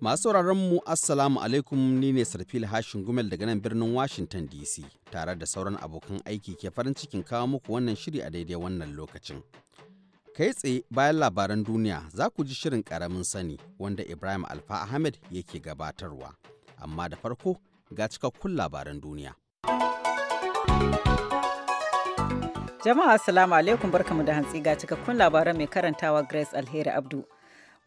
Masu sauraron mu Assalamu alaikum ni ne Sarfil Hashin Gumel daga nan birnin Washington DC tare da sauran abokan aiki ke farin cikin kawo muku wannan shiri a daidai wannan lokacin. Kai tsaye bayan labaran duniya za ku ji shirin karamin sani wanda Ibrahim Alfa Ahmed yake gabatarwa. Amma da farko ga cikakkun labaran duniya. Jama'a Assalamu alaikum barkamu da hantsi ga cikakkun labaran mai karantawa Grace Alheri Abdu.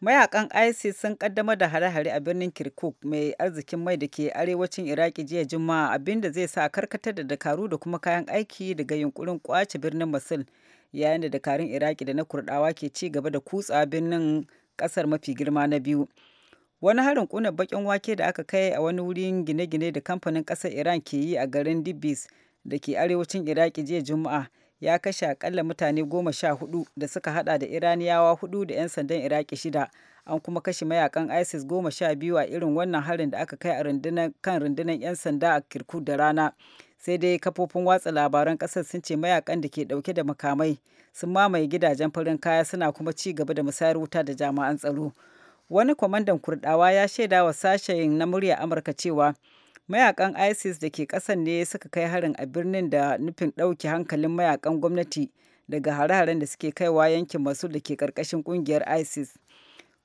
mayakan isis sun kaddamar da hare-hare a birnin kirkuk mai arzikin mai da ke arewacin iraki jiya juma'a abinda zai sa karkatar da dakaru da kuma kayan aiki daga yunkurin kwace birnin masul yayin da dakarun iraki da na kurdawa ke ci gaba da kutsa birnin kasar mafi girma na biyu wani harin kuna bakin wake da aka kai a wani wurin gine-gine da kamfanin kasar iran ke yi a garin dibis da ke arewacin iraki jiya juma'a ya kashe akalla mutane goma sha hudu da suka hada da iraniyawa hudu da 'yan sandan iraki shida an kuma kashe mayakan isis goma sha biyu a irin wannan harin da aka kai a kan rundunar 'yan sanda a kirku da rana sai dai kafofin watsa labaran kasar sun ce mayakan da ke dauke da makamai sun mamaye gidajen farin kaya suna kuma ci gaba da musayar wuta da jami'an tsaro wani kwamandan kurdawa ya shaida wa sashen na murya amurka cewa mayakan isis da ke kasan ne suka kai harin a birnin da nufin ɗauke hankalin mayakan gwamnati daga hare-haren da suke kaiwa yankin masu da ke karkashin kungiyar isis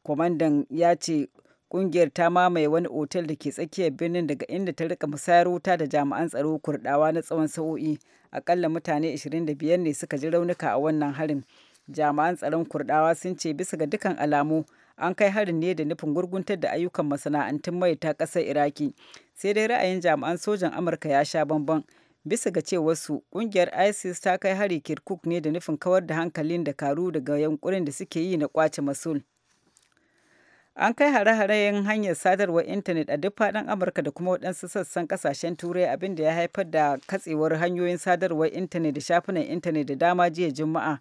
kwamandan ya ce ƙungiyar ta mamaye wani otel da ke tsakiyar birnin daga inda ta rika musayar wuta da jami'an tsaro kurdawa na tsawon sa'o'i akalla mutane 25 ne suka ji raunuka a wannan harin jami'an tsaron kurdawa sun ce bisa ga dukkan alamu an kai harin ne da nufin gurguntar da ayyukan masana'antun mai ta ƙasar iraki sai dai ra'ayin jami'an sojan amurka ya sha bamban bisa ga cewa cewarsu ƙungiyar isis ta kai hari kirkuk ne da nufin kawar da hankalin da karu daga yankunan da suke yi na kwace masul an kai hare-haren hanyar sadarwar intanet a duk faɗin amurka da kuma waɗansu sassan ƙasashen turai abinda ya haifar da katsewar hanyoyin sadarwar intanet da shafunan intanet da dama jiya juma'a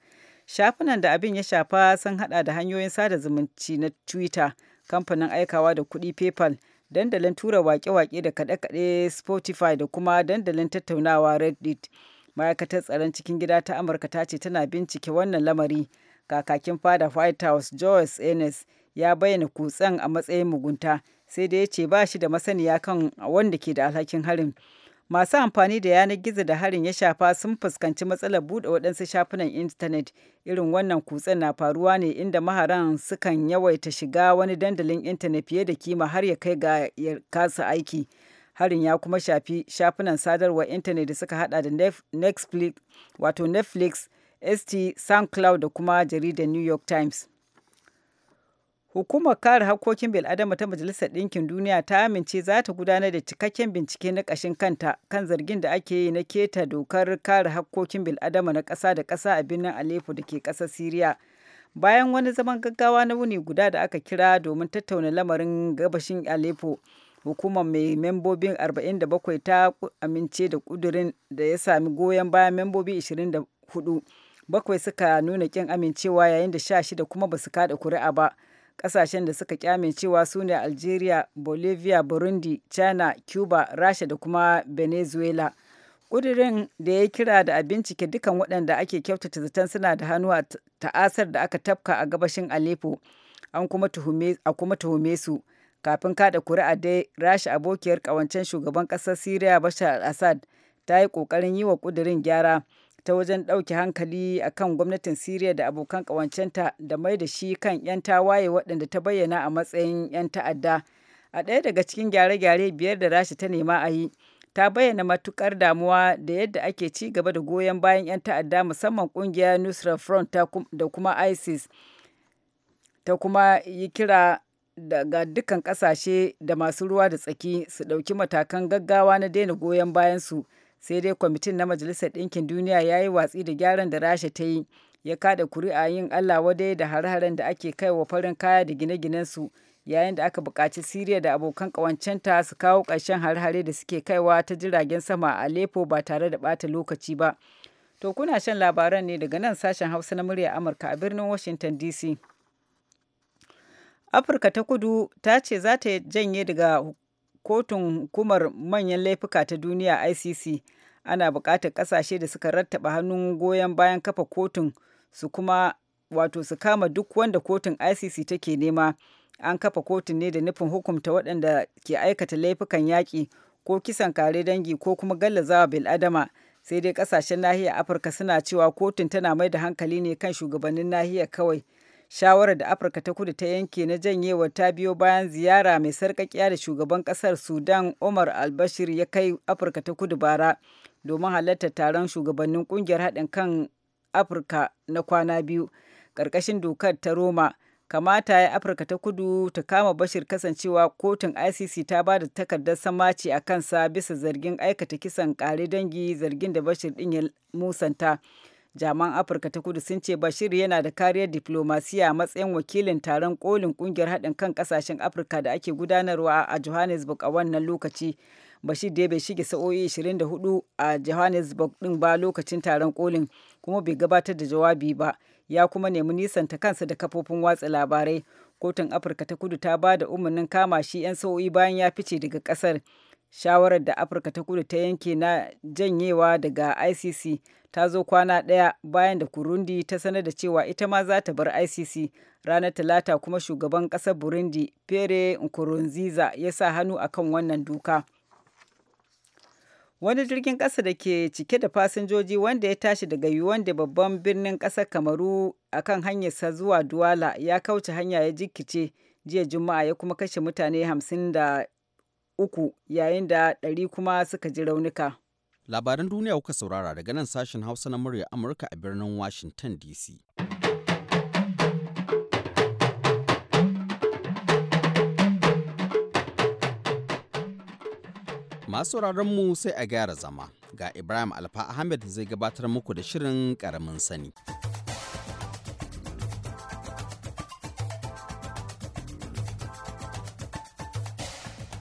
Shafunan da abin ya shafa sun hada da hanyoyin sada zumunci na Twitter, kamfanin aikawa da kudi PayPal, dandalin tura wake-wake da kaɗe-kaɗe Spotify da kuma dandalin tattaunawa Reddit. Ma'aikatar tsaron cikin gida ta Amurka ta ce tana bincike wannan lamari. Kakakin fada White House Joyce Ennis ya bayyana kutsen a matsayin mugunta, sai da ya ce ba shi da masaniya kan wanda ke da alhakin harin. masu amfani da yanar gizo da harin ya shafa sun fuskanci matsalar buɗe waɗansu shafunan intanet irin wannan kutsen na faruwa ne inda maharan sukan yawaita shiga wani dandalin intanet fiye da kima har ya kai ga ya kasa aiki harin ya kuma shafi shafunan sadarwar intanet da suka hada da netflix wato netflix st soundcloud da kuma jaridar new york times Hukumar kare harkokin bil'adama ta Majalisar Ɗinkin Duniya ta amince za ta gudanar da cikakken bincike na ƙashin kanta kan zargin da ake yi na keta dokar kare harkokin bil'adama na kasa da ƙasa a birnin Aleppo da ke ƙasar Siriya. Bayan wani zaman gaggawa na wuni guda da aka kira domin tattauna lamarin gabashin Aleppo, hukumar mai membobin 47 ta amince da kudurin da ya sami goyon bayan membobi 24. Bakwai suka nuna ƙin amincewa yayin da 16 kuma ba su kaɗa kuri'a ba. kasashen da suka kyame cewa su ne Algeria, Bolivia, Burundi, China, Cuba, Rasha da kuma Venezuela. ƙudurin da ya kira da a bincike dukan waɗanda ake kyautata zaton suna da hannu a ta'asar da aka tafka a gabashin Aleppo an kuma tuhume su kafin kada kuri'a dai rasha abokiyar kawancen shugaban ƙasar syria Bashar al-Assad ta yi ƙoƙarin yi wa ƙudurin gyara ta wajen ɗauke hankali a kan gwamnatin Siriya da abokan ƙawancenta da mai da shi kan 'yan tawaye waɗanda ta bayyana a matsayin 'yan ta'adda. A ɗaya daga cikin gyare-gyare biyar da Rasha ta nema a yi, ta bayyana matukar damuwa da yadda ake ci gaba da goyon bayan 'yan ta'adda musamman ƙungiyar Nusra Front da kuma ISIS. Ta kuma yi kira daga dukkan ƙasashe da masu ruwa da tsaki su ɗauki matakan gaggawa na daina goyon bayansu. su. sai dai kwamitin na majalisar ɗinkin duniya ya yi watsi da gyaran da rasha ta yi ya kada kuri'a yin allah wadai da hare-haren da ake kai wa farin kaya da gine ginen su yayin da aka buƙaci siriya da abokan ƙawancenta su kawo ƙarshen hare-hare da suke kaiwa ta jiragen sama a aleppo ba tare da ɓata lokaci ba to kuna shan labaran ne daga nan sashen hausa na murya amurka a birnin washington dc afirka ta kudu ta ce za ta janye daga kotun hukumar manyan laifuka ta duniya icc ana buƙatar ƙasashe da suka rattaba hannun goyon bayan kafa kotun su kuma wato su kama duk wanda kotun icc take nema an kafa kotun ne da nufin hukumta waɗanda ke aikata laifukan yaƙi ko kisan kare dangi ko kuma gallazawa bil'adama sai dai ƙasashen nahiyar afirka suna cewa kotun tana mai da hankali ne kan shugabannin nahiyar kawai shawarar da afirka ta kudu ta yanke na janyewa ta biyo bayan ziyara mai sarkakiya da shugaban kasar sudan omar albashir ya kai afirka ta kudu bara domin halartar taron shugabannin kungiyar haɗin kan afirka na kwana biyu ƙarƙashin dokar ta roma kamata ya afirka ta kudu ta kama bashir kasancewa kotun icc ta ba da takardar samaci a kansa bisa zargin aikata kisan kare dangi zargin da bashir ɗin ya musanta Jaman Afirka ta kudu sun ce Bashir yana da kariyar diplomasiya a matsayin wakilin taron kolin kungiyar haɗin kan kasashen Afirka da ake gudanarwa a Johannesburg a wannan lokaci. Bashir da bai shige sa'o'i 24 a Johannesburg din ba lokacin taron kolin kuma bai gabatar da jawabi ba ya kuma nemi nisanta kansa da kafofin watsa labarai. Kotun Afirka ta kudu ta ba da umarnin kama shi 'yan sa'o'i bayan ya fice daga ƙasar. shawarar da afirka ta kudu ta yanke na janyewa daga icc ta zo kwana ɗaya bayan da kurundi ta sanar da cewa ita ma za ta bar icc ranar talata kuma shugaban ƙasar burundi pere nkurunziza ya sa hannu akan wannan duka wani jirgin ƙasa da ke cike da fasinjoji wanda ya tashi daga da babban birnin ƙasar kamaru akan hanyarsa zuwa duwala ya kauce hanya ya jikice jiya juma'a ya kuma kashe mutane hamsin da uku yayin da ɗari kuma suka ji raunuka. Labaran duniya kuka saurara daga nan sashen Hausa na murya Amurka a birnin Washington DC. Masu mu sai a gyara zama ga Ibrahim Alfa Ahmed zai gabatar muku da shirin ƙaramin sani.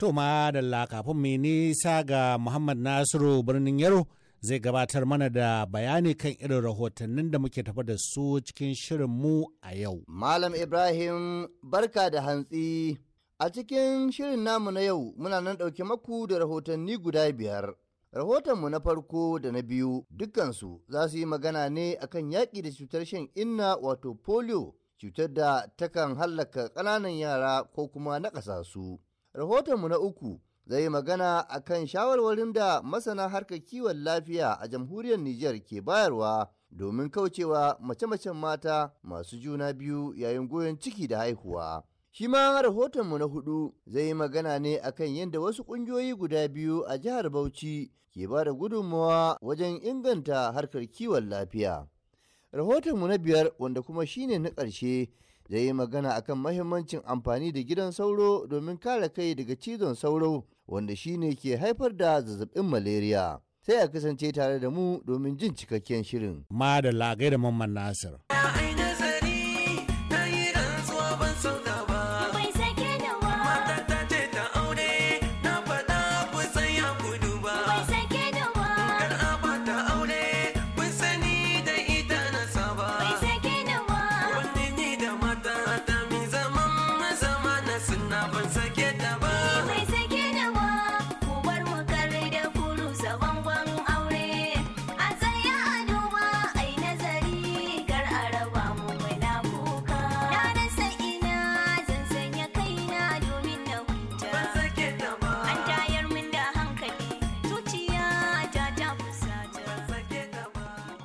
To da kafin mai nisa ga Muhammad Nasiru birnin Yaro zai gabatar mana da bayani kan irin rahotannin da muke tafa da su cikin shirin mu a yau. Malam Ibrahim barka da hantsi. A cikin shirin namu na yau muna nan ɗauke maku da rahotanni guda biyar. Rahotonmu na farko da na biyu dukkansu za su yi magana ne akan yaƙi da cutar shan inna wato polio, cutar da takan hallaka ƙananan yara ko kuma naƙasa su. Rahotonmu na uku zai magana a kan shawarwarin da masana harkar kiwon lafiya a jamhuriyar Nijar ke bayarwa domin kaucewa mace-macen mata masu juna biyu yayin goyon ciki da haihuwa. Shi ma rahotonmu na hudu zai yi magana ne a kan yadda wasu ƙungiyoyi guda biyu a jihar Bauchi ke ba da gudunmawa wajen inganta harkar kiwon lafiya. Rahotonmu na biyar wanda kuma shine na ƙarshe ya yi magana akan mahimmancin amfani da gidan sauro domin kare kai daga cizon sauro wanda shine ke haifar da zazzabin malaria sai a kasance tare da mu domin jin cikakken shirin ma da lagai da mamman nasir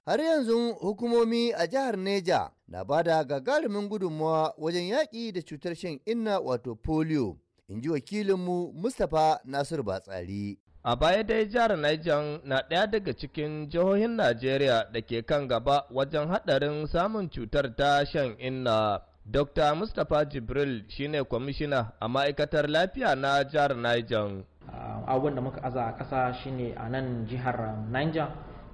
har yanzu hukumomi a jihar Neja na bada gagarumin gudunmawa wajen yaƙi da cutar shan inna wato polio, in ji wakilinmu Mustapha Nasiru Batsari. A baya dai jihar Niger na ɗaya daga cikin jihohin Najeriya da ke kan gaba wajen haɗarin samun cutar ta shan inna. Dr. Mustapha Jibril shine kwamishina a ma'aikatar lafiya na jihar Niger. Ah, abubuwan da muka aza a ƙasa shine a nan jihar Niger.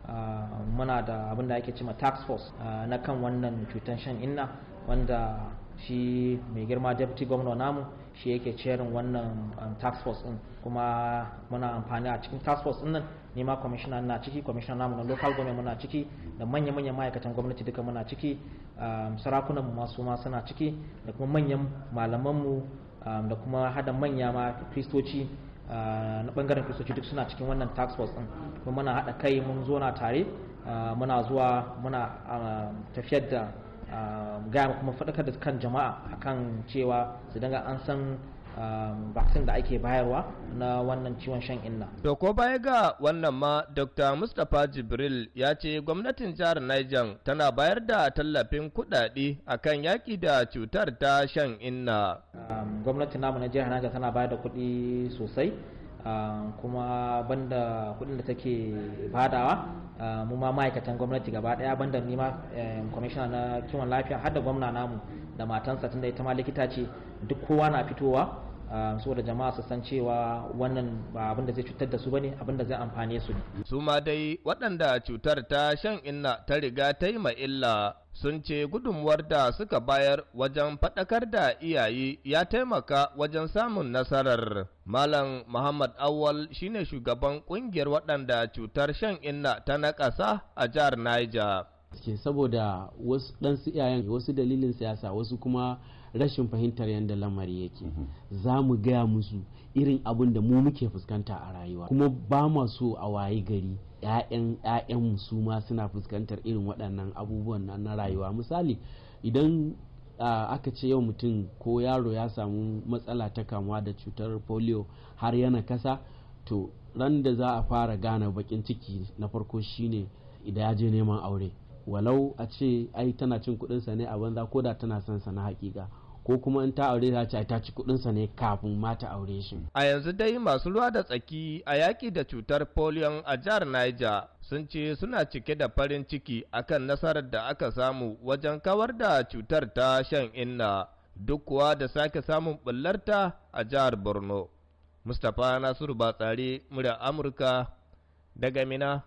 Ah, muna da abin da ake cima tax force ah, na kan wannan cutar shan inna wanda shi mai girma deputy governor namu shi yake cerin wannan ah, tax force din kuma muna amfani a cikin tax force din nan ne ma commissioner na ciki commissioner namu na local government muna ciki da manya manyan ma'aikatan gwamnati duka muna ciki sarakunan mu masu ma suna ciki da kuma manyan malaman mu da kuma hada manya ma kristoci na bangaren kristoci duk suna cikin wannan tax force din kuma muna hada kai mun zo na tare muna zuwa muna tafiyar da gaya kuma faɗakar da kan jama'a akan cewa su dinga an san Um, vaccine da ake bayarwa na wannan ciwon shan inna. To ko baya ga wannan ma Dr. Mustapha Jibril ya ce gwamnatin jihar Niger tana bayar da tallafin kuɗaɗe akan yaƙi da cutar ta shan inna. Um, gwamnatin namu na jihar Niger tana bayar da kuɗi sosai. Ah, kuma banda kudin da take badawa ah, mu ma ma'aikatan gwamnati gaba daya banda ni ma eh, kwamishina na kiwon lafiya har da gwamna namu da matansa tunda ita ma likita ce duk kowa na fitowa Ah, saboda jama'a su san cewa wannan ba abin da zai cutar da su bane abin da zai amfane su ne su ma dai waɗanda cutar ta shan inna ta riga ta yi ma illa sun ce gudunmuwar da suka bayar wajen faɗakar da iyaye ya taimaka wajen samun nasarar. Malam Muhammad Awal shine shugaban ƙungiyar waɗanda cutar shan inna ta naƙasa a jihar Niger. saboda wasu ɗansu iyayen wasu dalilin siyasa wasu kuma rashin fahimtar yadda lamari yake mhm. za mu gaya musu irin abin da mu muke fuskanta a rayuwa kuma ba ma so a wayi gari 'ya'yan su ma suna fuskantar irin waɗannan abubuwan na rayuwa misali idan aka ce yau mutum ko yaro ya samu matsala ta kamuwa da cutar polio har yana kasa to ran da za a fara gane bakin ciki na farko shine idan ya je neman aure walau a ce ai tana cin kudinsa ne a banza ko da tana son sa na hakika ko kuma in ta aure za ce ta ci kuɗinsa ne kafin ma ta aure shi. A yanzu dai masu ruwa da tsaki a yaƙi da cutar polio a jihar Niger sun ce suna cike da farin ciki akan nasarar da aka samu wajen kawar da cutar ta shan inna duk kuwa da sake samun ta a jihar Borno. Mustapha Nasiru Batsari, murya Amurka daga Mina.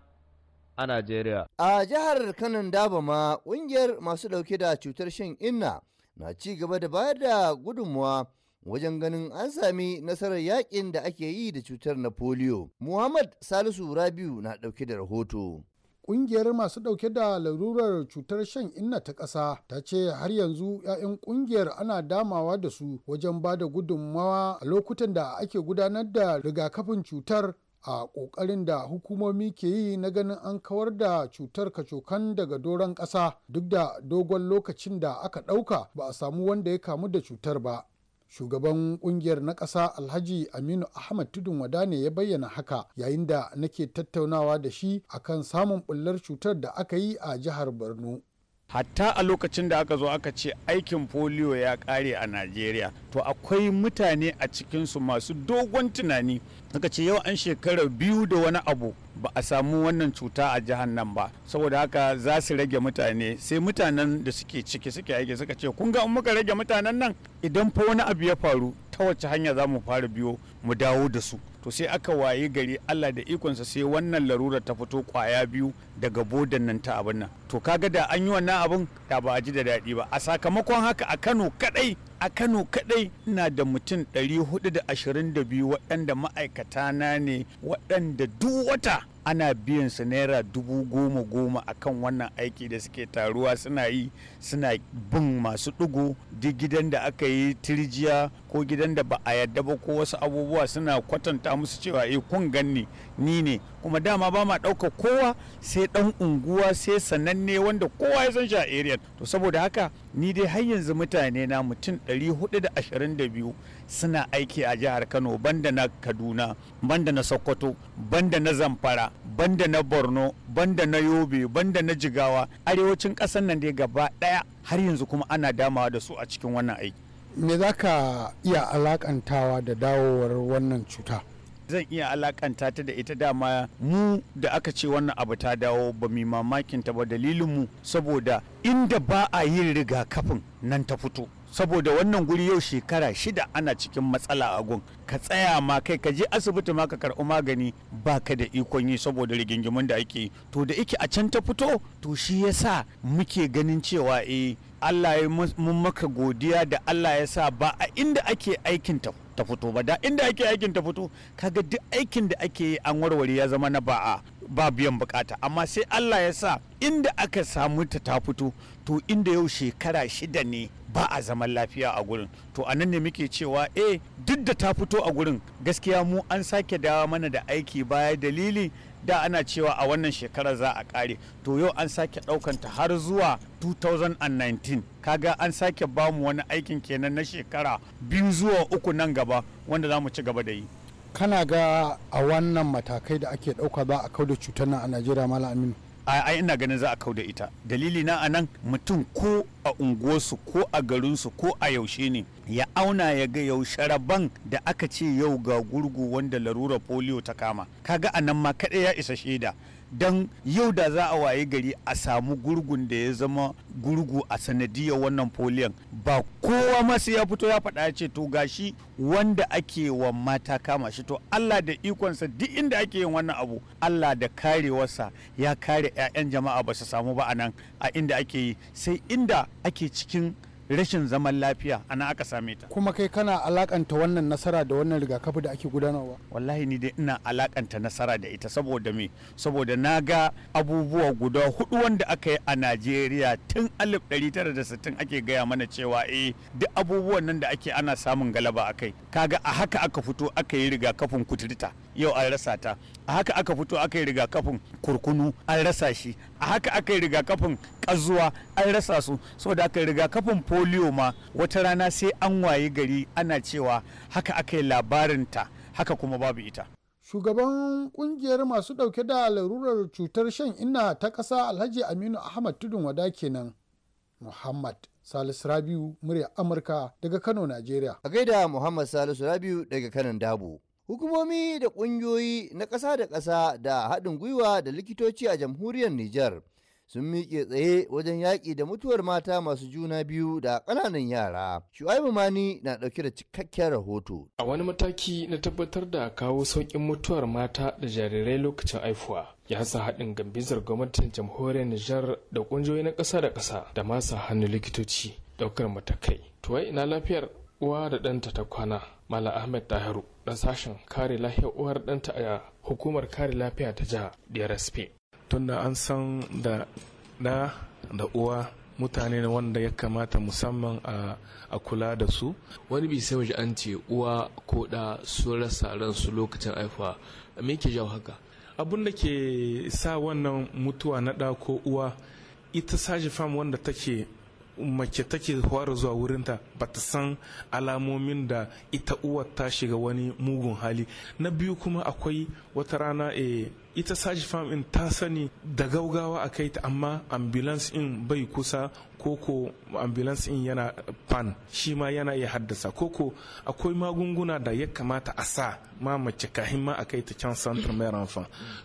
a Najeriya. A jihar Kanan Daba ma ƙungiyar masu ɗauke da cutar shan inna na ci gaba da bayar da gudunmuwa wajen ganin an sami nasarar yakin da ake yi da cutar na polio. Muhammad Salisu Rabiu na ɗauke da rahoto. kungiyar masu ɗauke da larurar cutar shan inna ta ƙasa ta ce har yanzu 'ya'yan kungiyar ana damawa da su wajen ba da gudunmawa a lokutan da ake gudanar da rigakafin cutar a ƙoƙarin da hukumomi ke yi na ganin an kawar da cutar kacokan daga doron ƙasa duk da dogon lokacin da aka ɗauka ba a samu wanda ya kamu da cutar ba. shugaban kungiyar na ƙasa alhaji aminu ahmad tudun wada ne ya bayyana haka yayin da nake tattaunawa da shi akan samun bullar cutar da aka yi a jihar borno hatta a lokacin da aka zo aka ce aikin polio ya kare a najeriya to akwai mutane a cikinsu masu dogon tunani aka ce yau an shekara biyu da wani abu ba a samu wannan cuta a jihar nan ba saboda haka za su rage mutane sai mutanen da suke ciki suke aiki suka ce kun ga muka rage mutanen nan idan fa wani abu ya faru ta wace hanya za mu fara biyo mu dawo da su to sai aka waye gari Allah da ikonsa sai wannan larura ta fito kwaya biyu daga bodan nan ta abin nan to kaga da an yi wannan abin da ba a ji da daɗi ba a sakamakon haka a Kano kadai a Kano kadai na da mutum 422 waɗanda ma'aikata na ne waɗanda duk wata ana biyan su naira dubu goma goma akan wannan aiki da suke taruwa suna yi suna bin masu ɗigo duk gidan da aka yi tirjiya ko gidan da ba a yadda ba ko wasu abubuwa suna kwatanta musu cewa eh kun ganni ni ne kuma dama ba ma ɗauka kowa sai ɗan unguwa sai sananne wanda kowa ya san shi a to saboda haka ni dai har yanzu mutane na mutum 422 suna aiki a jihar kano banda na kaduna banda na sokoto banda na zamfara banda na borno banda na yobe banda na jigawa arewacin ƙasar nan dai gaba daya har yanzu kuma ana damawa da su a cikin wannan aiki me za ka iya alakantawa da dawowar wannan cuta zan iya alakanta ta da ita dama mu da aka ce wannan abu ta dawo ba mu mamakin ta ba dalilin mu saboda inda ba a yin rigakafin nan ta fito saboda wannan guri yau shekara shida ana cikin matsala a gun ka tsaya ma kai ka je asibiti ma ka karɓi magani ba ka da ikon yi saboda rigingimun da ake to da ike a can ta fito to shi yasa muke ganin cewa eh Allah ya mun maka godiya da Allah ya sa ba a inda ake aikin ta ta fito ba da inda ake aikin ta fito kaga duk aikin da ake yi an warware ya zama na ba'a ba biyan bukata amma sai Allah ya sa inda aka samu ta ta fito to inda yau shekara shida ne ba a zaman lafiya a gurin to a nan ne muke cewa eh duk da ta fito a gurin gaskiya mu an sake dawa mana da aiki baya dalili da ana cewa a wannan shekarar za a kare to yau an sake ɗaukanta har zuwa 2019 kaga an sake bamu wani aikin kenan na shekara biyu zuwa uku nan gaba wanda za mu ci gaba da yi kana ga a wannan matakai da ake ɗauka za a da cutar nan a najeriya malam aminu ai ina ganin za a da ita dalili na anan mutum ko a unguwarsu ko a garinsu ko a yaushe ne ya auna ya ga yau sharaban da aka ce yau ga gurgu wanda larura polio ta kama kaga a nan ma kaɗai ya isa shaida don yau da za a waye gari a samu gurgun da ya zama gurgu a sanadiyar wannan foliyon ba kowa masu ya fito ya faɗa ce to gashi wanda ake wa mata kama shi to Allah da ikonsa duk inda ake yin wannan abu Allah da karewarsa ya kare 'ya'yan jama'a ba su samu ba a nan a inda ake yi sai inda ake cikin rashin zaman lafiya ana aka same ta kuma kai kana alakanta wannan nasara da wannan rigakafi da ake gudanarwa wallahi ni dai ina alakanta nasara da ita saboda me saboda na ga abubuwa guda hudu wanda aka yi a najeriya tun 1960 ake gaya mana cewa eh duk abubuwan nan da ake ana samun galaba akai kaga a haka aka fito aka yi rigakafin kuturta yau an rasa ta a haka aka fito aka yi rigakafin kurkunu an rasa shi a haka aka yi rigakafin kazuwa an rasa su saboda aka yi rigakafin polio ma wata rana sai an waye gari ana cewa haka aka yi ta haka kuma babu ita shugaban kungiyar masu dauke da larurar cutar shan inna ta kasa alhaji aminu ahmad tudun wada kenan muhammad salisu rabiu murya amurka daga kano nigeria a gaida muhammad salisu rabiu daga kanan dabo Hukumomi da ƙungiyoyi na ƙasa da ƙasa da haɗin gwiwa da likitoci a jamhuriyar Nijar sun miƙe tsaye wajen yaƙi da mutuwar mata masu juna biyu da ƙananan yara. Shu'aibu Mani na ɗauke da cikakken rahoto. A wani mataki na tabbatar da kawo sauƙin mutuwar mata da jarirai lokacin haihuwa. ya sa haɗin gambizar gwamnatin jamhuriyar Nijar da ƙungiyoyi na ƙasa da ƙasa da masu hannu likitoci ɗaukar matakai. Tuwai ina lafiyar uwa da ɗanta ta kwana Mala Ahmed Tahiru da sashen kare lafiyar uwar ɗanta a hukumar kare lafiya ta jiha DRSP. Tunda an san da na da uwa mutane ne wanda ya kamata musamman a kula da su wani bi sai waje an ce uwa ko da su rasa ransu lokacin haifuwa me ke jawo haka abun da ke sa wannan mutuwa na da ko uwa ita sashi fam wanda take mace take fara zuwa wurinta ba ta san alamomin da ita uwar ta shiga wani mugun hali na biyu kuma akwai wata rana eh, ita saji farm in ta sani da gaugawa a kai ta amma ambulance in bai kusa koko ambulance in yana pan shi ma yana iya haddasa koko akwai magunguna da ya kamata a sa ma mace kahin ma a kai ta can santar mai ranfa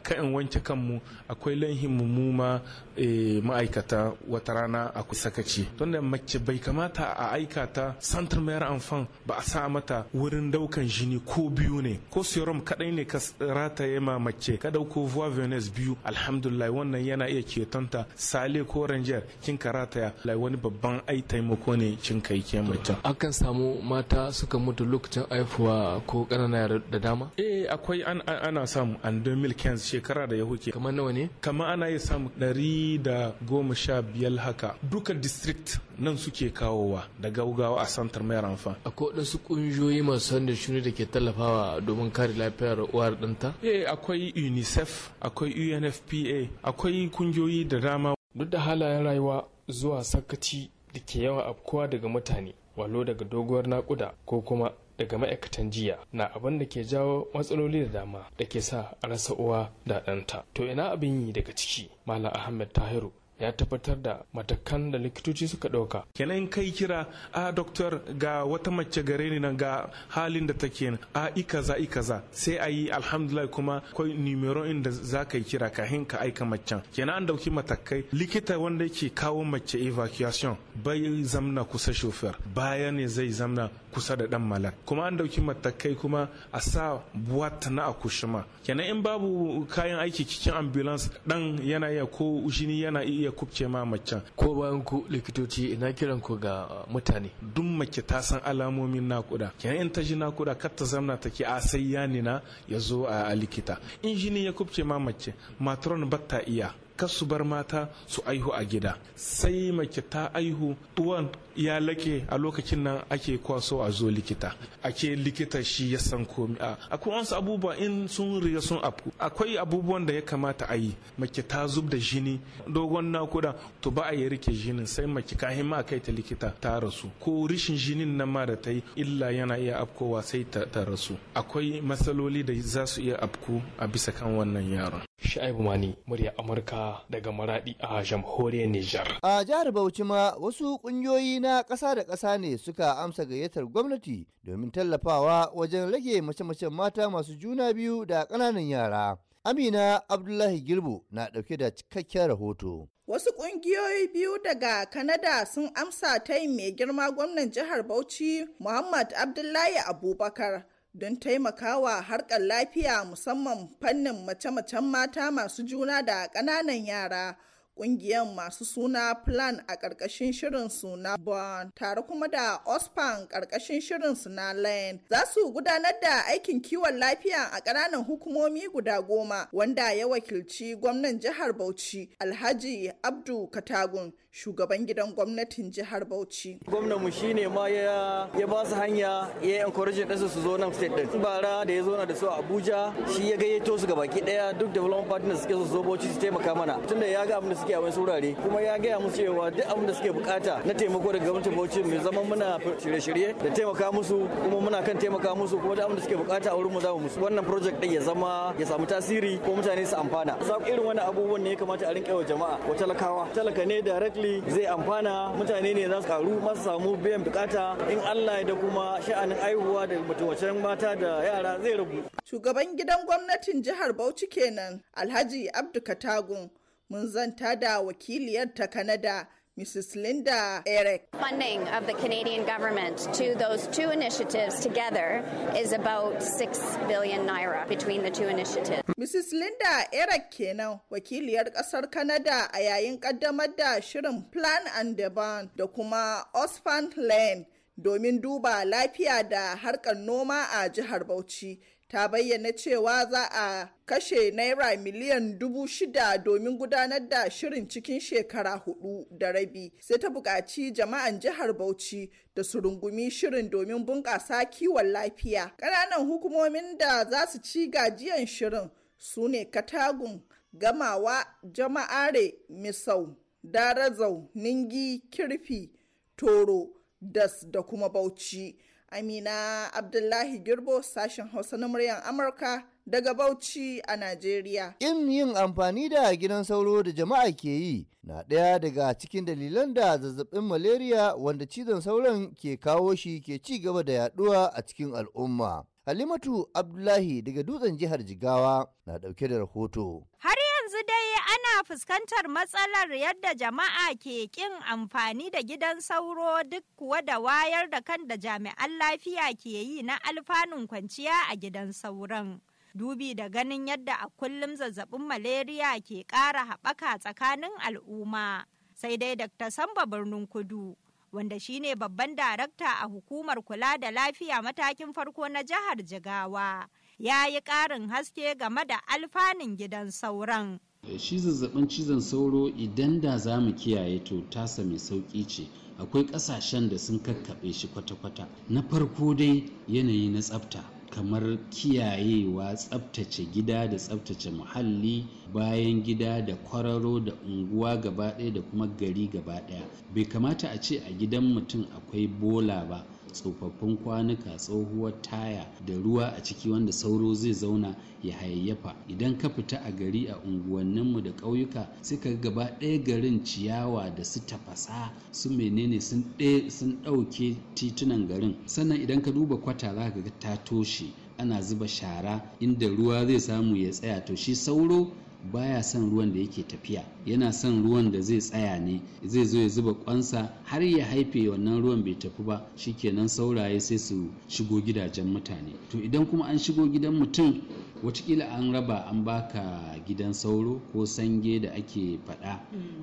ka in wanke kanmu akwai lahin mu ma eh, ma'aikata wata rana a sakaci da mace bai kamata a aikata ta santar mai ranfa ba a sa mata wurin daukan jini ko biyu ne ko serum kadai ne ka rataye ma mace ka dauko ko vuwa venus biyu alhamdulillah wannan yana iya ketonta sale ko ranger kin karata lai wani babban ai taimako ne kin kai ke mutum akan samu mata suka mutu lokacin aifuwa ko ƙanana da dama eh akwai ana samu an milkens shekara da ya huke kamar nawa ne kamar ana iya samu ɗari da goma sha haka duka district nan suke kawowa da gaugawa a santar mayar amfa akwai waɗansu ƙungiyoyi masu sanda shuni da ke tallafawa domin kare lafiyar uwar ɗinta? eh akwai unicef akwai unfpa akwai kungiyoyi da dama duk da halayen rayuwa zuwa sakaci da ke a afkuwa daga mutane walo daga doguwar naƙuda ko kuma daga ma'aikatan jiya na abin da ke jawo matsaloli da dama da ke sa a rasa uwa da ɗanta to ina abin yi daga ciki malam ahmed tahiru ya tabbatar da matakan da likitoci suka ɗauka. kenan kai kira a ah, doktor ga wata mace gare ni nan ga halin da take a ah, ikaza ikaza sai a yi alhamdulillah kuma kai numero inda za ka yi kira kahin ka aika macen kenan an dauki matakai likita wanda yake kawo mace evacuation bai zamna kusa shofar bayan ne zai zamna kusa da dan malar kuma an dauki matakai kuma a sa buwat na akushima kenan in babu kayan aiki cikin ambulance dan yana iya ko jini yana iya iya kubce ma macen ko bayan ku likitoci ina kiran ku ga mutane duk mace ta san alamomin nakuda kenan in ta ji nakuda kar ta zamna take a sai yani na ya zo a likita in jini ya kubce ma mace matron ba ta iya kar su bar mata su aihu a gida sai mace ta aihu tuwon ya lake a lokacin nan ake kwaso a zo likita ake likita shi ya san komi a akwai wasu abubuwa in sun riga sun afku akwai abubuwan da ya kamata a yi mace ta zub da jini dogon nakuda to ba a yi rike jinin sai mace kahin ma kai ta likita ta rasu ko rishin jinin nan ma da ta yi illa yana iya afkowa sai ta rasu akwai matsaloli da za su iya afku a bisa kan wannan yaron Sha'ibu Mani, murya Amurka daga Maradi a jamhuriyar Nijar. A jihar Bauchi ma wasu ƙungiyoyi na ƙasa da ƙasa ne suka amsa gayyatar gwamnati domin tallafawa wajen rage mace-macen mata masu juna biyu da ƙananan yara. Amina Abdullahi Girbu na ɗauke da cikakken rahoto. Wasu ƙungiyoyi biyu daga Kanada sun amsa ta yin mai girma gwamnan jihar Bauchi Muhammad Abdullahi Abubakar don taimakawa harkar lafiya musamman fannin mace-macen mata masu juna da ƙananan yara. Ƙungiyar masu suna Plan a ƙarƙashin shirin suna Born tare kuma da Ospan ƙarƙashin shirin suna lane za su gudanar da aikin kiwon lafiya a ƙananan hukumomi guda goma wanda ya wakilci gwamnan jihar Bauchi Alhaji Abdu Katagun shugaban gidan gwamnatin jihar Bauchi. Gwamnan mu shine ma ya ba su hanya ya yi encouraging ɗansu su zo nan state din. Bara da ya zo na da su a Abuja shi ya gayyato su gabaki ɗaya duk development partners suke su zo Bauchi su taimaka mana. Tunda ya ga abin da suke a wani surare kuma ya gaya musu cewa duk abin da suke bukata na taimako daga gwamnatin Bauchi mu zama muna shirye-shirye da taimaka musu kuma muna kan taimaka musu kuma duk abin da suke bukata a wurin mu za mu musu. Wannan project ɗin ya zama ya samu tasiri ko mutane su amfana. Irin wani abubuwan ne ya kamata a rinƙa wa jama'a wa talakawa. Talaka ne direct directly zai amfana mutane ne za su karu masu samu biyan bukata in Allah da kuma sha'anin aihuwa da mutuwacen mata da yara zai ragu. Shugaban gidan gwamnatin jihar Bauchi kenan Alhaji Abdu Katagun mun zanta da wakiliyar ta Kanada Mrs. Linda Eric. Funding of the Canadian government to those two initiatives together is about 6 billion naira between the two initiatives. Mrs. Linda Eric kenan wakiliyar kasar Canada ayayin yayin kaddamar da shirin Plan and Demand Dokuma Osfan Land domin duba lafiya da harkar noma a ta bayyana cewa za a kashe naira miliyan dubu shida domin gudanar da shirin cikin shekara hudu da rabi sai ta buƙaci jama'an jihar bauchi da su rungumi shirin domin bunƙasa kiwon lafiya ƙananan hukumomin da za su ci gajiyan shirin su ne katagun gamawa jama'are misau darazau ningi kirfi toro das da kuma bauchi Amina Abdullahi Girbo sashen Hausa na muryar Amurka daga Bauchi a Najeriya. In yin amfani da gidan sauro da jama'a ke yi na ɗaya daga cikin dalilan da zazzabin malaria wanda cizon sauron ke kawo shi ke ci gaba da yaduwa a cikin al'umma. Halimatu Abdullahi daga dutsen jihar Jigawa na ɗauke da rahoto. Har yanzu dai Ana fuskantar matsalar yadda jama'a ke ƙin amfani da gidan sauro duk kuwa da wayar da kan da jami'an lafiya ke yi na alfanun kwanciya a gidan sauran Dubi da ganin yadda a kullum zazzabin malaria ke ƙara haɓaka tsakanin al'umma. Sai dai Dr. Samba birnin kudu. wanda shine babban darakta a hukumar kula da lafiya matakin farko na jihar Jigawa. Ya yi ƙarin haske game da alfanun gidan sauran. Eh, shi zazzabin cizon sauro idan da za mu kiyaye to tasa mai sauƙi ce akwai ƙasashen da sun kakkaɓe shi kwata-kwata na farko dai yanayi na tsafta kamar kiyayewa tsaftace gida da tsaftace muhalli bayan gida da kwararo da unguwa gaba ɗaya da kuma gari gaba ɗaya bai kamata a ce a gidan mutum akwai bola ba tsofaffin kwanuka tsohuwar taya da ruwa a ciki wanda sauro zai zauna ya hayayyafa idan ka fita a gari a unguwanninmu da ƙauyuka sai ka gaba ɗaya garin ciyawa da su tafasa su menene sun ɗauke titunan garin sannan idan ka duba kwata za ka ga ta toshe ana zuba shara inda ruwa zai samu ya tsaya to shi sauro baya son ruwan da yake tafiya yana son ruwan da zai tsaya ne zai zo ya zuba kwansa har ya haife wannan ruwan bai tafi ba shi kenan sauraye sai su shigo gidajen mutane to idan kuma an shigo gidan mutum watakila an raba an baka gidan sauro ko sange da ake faɗa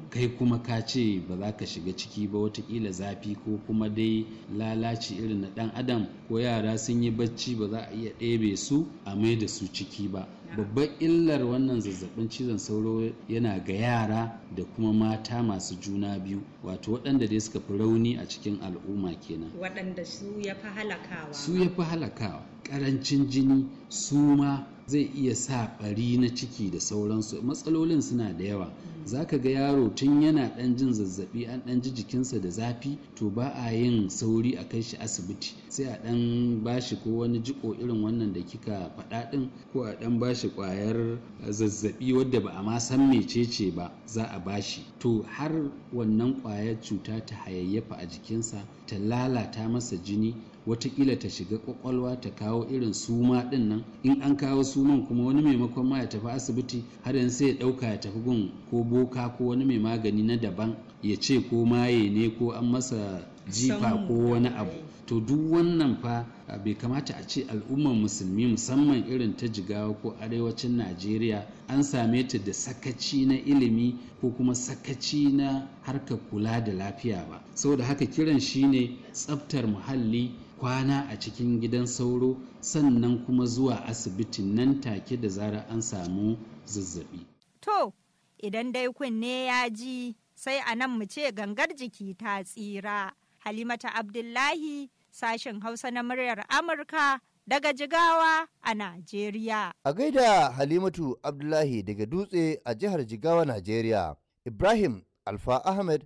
kai kuma ka ce ba za ka shiga ciki ba watakila zafi ko kuma dai lalaci irin na ɗan adam ko yara sun yi bacci ba za a iya ɗebe su a mai da su ciki ba babban illar wannan zazzabin cizon sauro yana ga yara da kuma mata masu juna biyu wato waɗanda dai suka fi rauni a cikin al'umma kenan waɗanda su ya fi halakawa su ya fi halakawa ƙarancin jini su ma zai iya sa ɓari na ciki da sauransu matsalolin suna da yawa za ka ga yaro tun yana ɗan jin zazzaɓi an ɗan ji jikinsa da zafi to ba a yin sauri a kai shi asibiti sai a ɗan bashi ko wani jiko irin wannan da kika faɗa ɗin ko a ɗan bashi ƙwayar zazzaɓi wadda ba a ma san mecece ba za a bashi to har wannan ƙwayar cuta ta hayayyafa a jikinsa ta lalata masa jini watakila ta shiga kwakwalwa ta kawo irin suma din nan in an kawo suman kuma wani maimakon ma ya tafi asibiti har yanzu sai ya ɗauka ya tafi gun ko boka ko wani mai magani na daban ya ce ko maye ne ko an masa jifa ko wani abu to duk wannan fa bai kamata a ce al'ummar musulmi musamman irin ta jigawa ko arewacin najeriya an same ta da sakaci na ilimi ko kuma sakaci na harkar kula da lafiya ba saboda haka kiran shine tsaftar muhalli kwana a cikin gidan sauro sannan kuma zuwa asibitin nan take da zarar an samu zazzabi. To, idan dai kunne ya ji sai a nan mu ce gangar jiki ta tsira. Halimata Abdullahi, sashen Hausa na muryar Amurka daga Jigawa a Najeriya. A gaida Halimatu Abdullahi daga Dutse a jihar Jigawa, Najeriya. Ibrahim Alfa Ahmed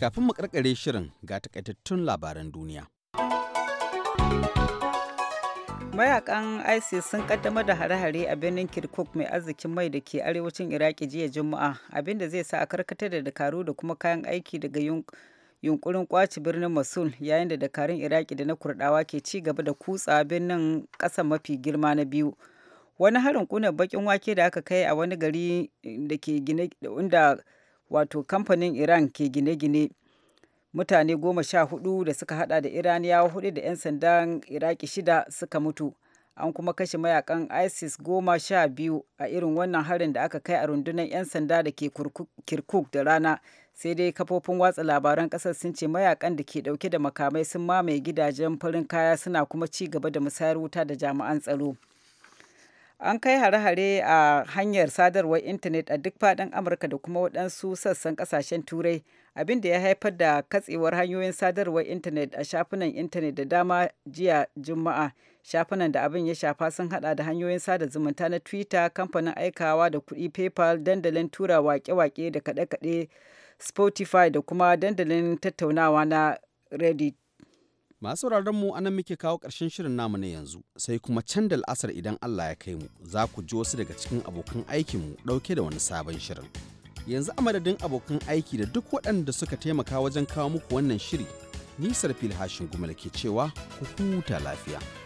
Kafin mu karkare shirin ga takaitattun labaran duniya. Mayakan ISIS sun kaddamar da hare-hare a birnin Kirkuk mai arzikin mai da ke arewacin Iraki jiya Juma'a, abinda zai sa a karkatar da dakaru da kuma kayan aiki daga yunkurin kwaci birnin Mosul yayin da dakarun Iraki da na Kurdawa ke ci gaba da kutsa birnin ƙasa mafi girma na biyu. Wani harin kuna bakin wake da aka kai a wani gari da ke gine da wato kamfanin Iran ke gine-gine mutane goma sha hudu da suka hada da Iraniyawa hudu da 'yan sandan Iraki shida suka mutu. An kuma kashe mayakan ISIS goma sha biyu a irin wannan harin da aka kai a rundunar 'yan sanda da ke Kirkuk da rana. Sai dai kafofin watsa labaran kasar sun ce mayakan da ke dauke da makamai sun mamaye gidajen farin kaya suna kuma ci gaba da musayar wuta da jami'an tsaro. An kai hare-hare a hanyar sadarwar intanet a duk faɗin Amurka da kuma waɗansu sassan ƙasashen Turai, abin da ya haifar da katsewar hanyoyin sadarwar intanet a shafunan intanet da dama jiya Juma'a. Shafunan da abin ya shafa sun hada da hanyoyin sada zumunta na Twitter, kamfanin aikawa da kuɗi PayPal, dandalin tura wake-wake da kaɗe-kaɗe Spotify da kuma dandalin tattaunawa na Reddit. Masu mu anan muke kawo ƙarshen shirin namu na yanzu sai kuma can da al'asar idan Allah ya kai mu za ku ji wasu daga cikin abokan aikinmu ɗauke da wani sabon shirin. Yanzu a madadin abokan aiki da duk waɗanda suka taimaka wajen kawo muku wannan shiri, nisar filhashin gumal ke cewa ku huta lafiya.